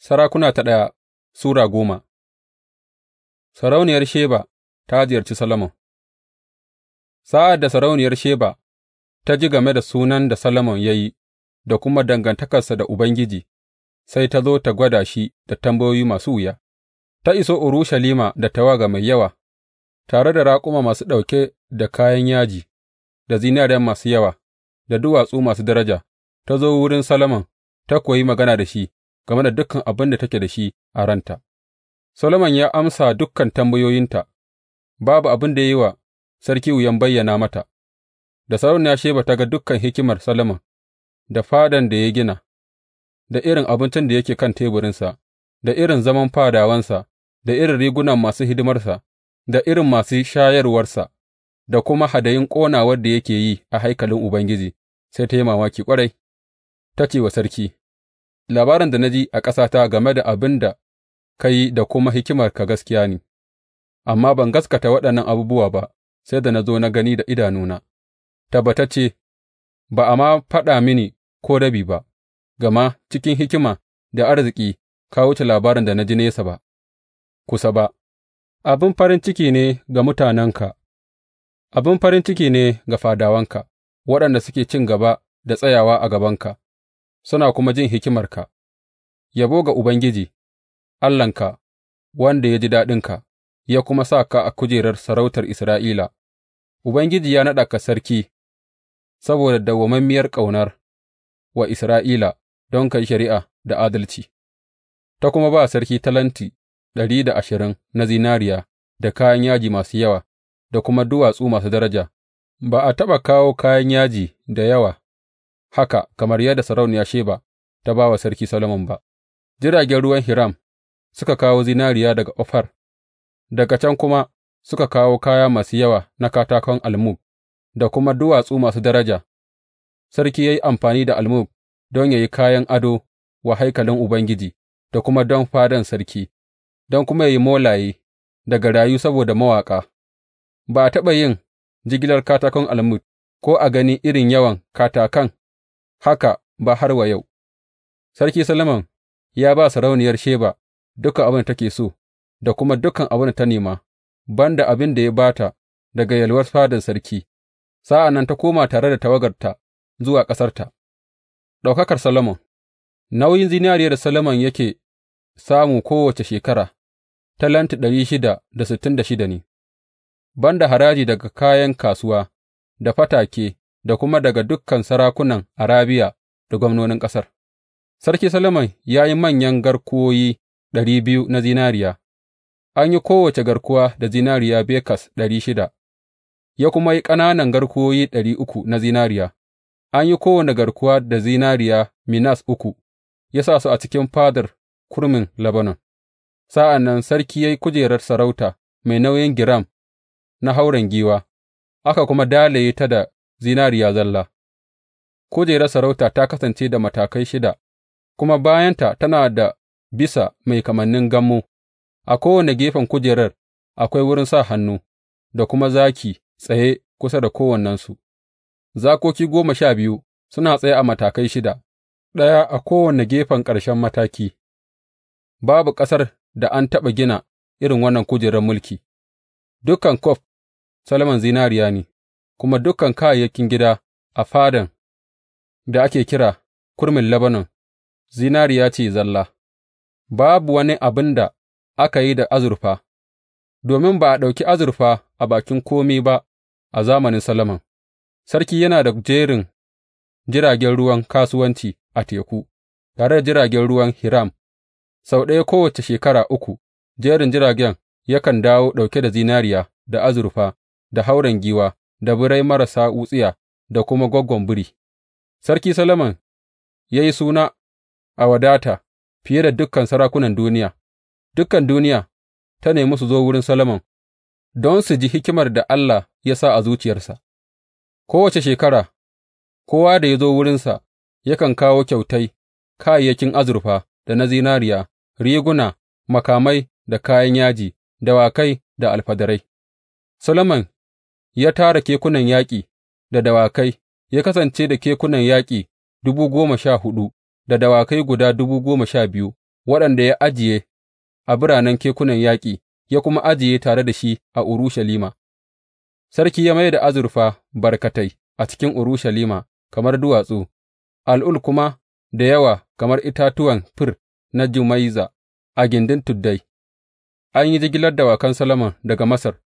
Sarakuna ta ɗaya Sura goma Sarauniyar Sheba ta ziyarci Solomon Sa'ad da sarauniyar Sheba ta ji game da sunan da Solomon ya yi da kuma dangantakarsa da Ubangiji, sai ta zo ta gwada shi da tambayoyi masu wuya, ta iso Urushalima da tawaga mai yawa, tare da raƙuma masu ɗauke da kayan yaji, da zinariya masu yawa, da duwatsu masu daraja, ta zo wurin Solomon ta koyi magana da shi. game da dukan abin da take da shi a ranta, Solomon ya amsa dukan tambayoyinta, babu abin da ya yi wa sarki wuyan bayyana mata, da ya Sheba ta ga dukan hikimar Solomon, da fadan da ya gina, da irin abincin da yake kan teburinsa, da irin zaman fadawansa, da irin rigunan masu hidimarsa, da irin masu shayarwarsa, da kuma hadayin ƙonawar da yake yi a haikalin Ubangiji, sai ta yi mamaki ƙwarai, ta ce wa sarki. labarin da na ji a ƙasata game da abin da ka yi da kuma hikimarka gaskiya ne, amma ban gaskata waɗannan abubuwa ba sai da na zo na gani da idanuna, tabbatacce ba a ma faɗa mini ko rabi ba, gama cikin hikima da arziki ka wuce labarin da na ji nesa ba, kusa ba, abin farin ciki ne ga mutanenka, abin farin ciki ne ga fadawanka, waɗanda suke cin gaba da tsayawa a gabanka. suna kuma jin hikimarka, yabo ga Ubangiji Allahnka, wanda ya ji daɗinka, ya kuma sa ka a kujerar sarautar Isra'ila, Ubangiji ya naɗa ka sarki saboda dawwammamiyar ƙaunar wa Isra'ila don ka yi shari'a da adalci, ta kuma ba sarki talenti ɗari da ashirin na zinariya da kayan yaji masu yawa da kuma duwatsu masu daraja, ba a taɓa kawo kayan yaji da yawa haka kamar yadda sarauniya Sheba ta ba wa Sarki Solomon ba, jiragen ruwan Hiram suka kawo zinariya daga Ofar, daga can kuma suka kawo kaya masu yawa na katakon almug da kuma duwatsu masu daraja, sarki ya yi amfani da almug don ya yi kayan ado wa haikalin Ubangiji da kuma don fadan sarki, don kuma ya yi molaye daga rayu saboda mawaƙa. Ba a taɓa yin jigilar katakon almug ko a gani irin yawan katakan haka ba har wa yau. Sarki Solomon ya ba sarauniyar Sheba dukan abin da take so da kuma dukan abin da ta nema, banda abin da ya bata daga yalwar fadan sarki, sa'an nan ta koma tare da tawagarta zuwa ƙasarta. Ɗaukakar Solomon Nauyin zinariyar da Solomon yake samu kowace shekara, Talanti ɗari shida da sittin da shida ne, Banda haraji daga kayan kasuwa da fatake da kuma daga dukan sarakunan Arabiya da gwamnonin ƙasar. Sarki Solomon ya yi manyan garkuwoyi ɗari biyu na zinariya, an yi kowace garkuwa da zinariya bekas ɗari shida, ya kuma yi ƙananan garkuwoyi ɗari uku na zinariya, an yi kowane garkuwa da zinariya minas uku, ya sa su a cikin fadar kurmin Lebanon. Sa'an nan sarki ya yi kujerar sarauta mai nauyin giram na hauren giwa, aka kuma dalaye ta da zinariya zalla, kujerar sarauta ta kasance da matakai shida, kuma bayanta tana da bisa mai kamannin gammo, a kowane gefen kujerar akwai wurin sa hannu, da kuma zaki tsaye kusa da kowannensu, zakoki goma sha biyu suna tsaye a matakai shida, ɗaya a kowane gefen ƙarshen mataki, babu ƙasar da an taɓa gina irin wannan kujerar mulki, dukan kof salman zinariya ne. kuma dukan kayayyakin gida a fadan da ake kira kurmin Lebanon zinariya ce zalla, babu wani abin da aka yi da azurfa, domin ba a ɗauki azurfa a bakin komi ba a zamanin Solomon, sarki yana da jerin jiragen ruwan kasuwanci a teku, tare da jiragen ruwan Hiram, sau ɗaya kowace shekara uku, jerin jiragen yakan dawo ɗauke da zinariya da azurfa da hauren giwa da birai marasa wutsiya da kuma gwaggon biri, Sarki Solomon ya yi suna a wadata fiye da dukan sarakunan duniya, dukan duniya ta nemi su zo wurin Solomon don su ji hikimar da Allah ya sa a zuciyarsa, kowace shekara, kowa da ya zo wurinsa yakan kawo kyautai, kayayyakin azurfa da na zinariya, riguna, makamai da kayan yaji, dawakai da alfadarai. Solomon ya tara kekunan yaƙi da dawakai, ya kasance da kekunan yaƙi dubu goma sha huɗu da dawakai guda dubu goma sha biyu, waɗanda ya ajiye a biranen kekunan yaƙi, ya kuma ajiye tare da shi a Urushalima. Sarki ya mai da azurfa barkatai a cikin Urushalima kamar duwatsu, al'ul kuma da yawa kamar itatuwan fir na jumaiza a gindin tuddai. An yi jigilar dawakan Solomon daga Masar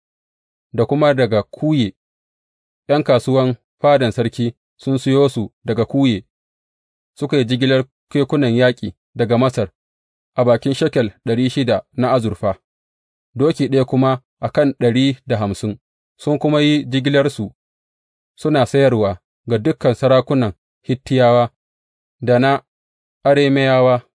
da kuma daga Kuye, ’yan kasuwan fadan sarki sun siyo su daga Kuye, suka yi jigilar kekunan yaƙi daga Masar a bakin shekel ɗari shida na azurfa, doki ɗaya kuma a kan ɗari da hamsin, sun kuma yi jigilarsu suna sayarwa ga dukan sarakunan Hittiyawa da na Arameyawa.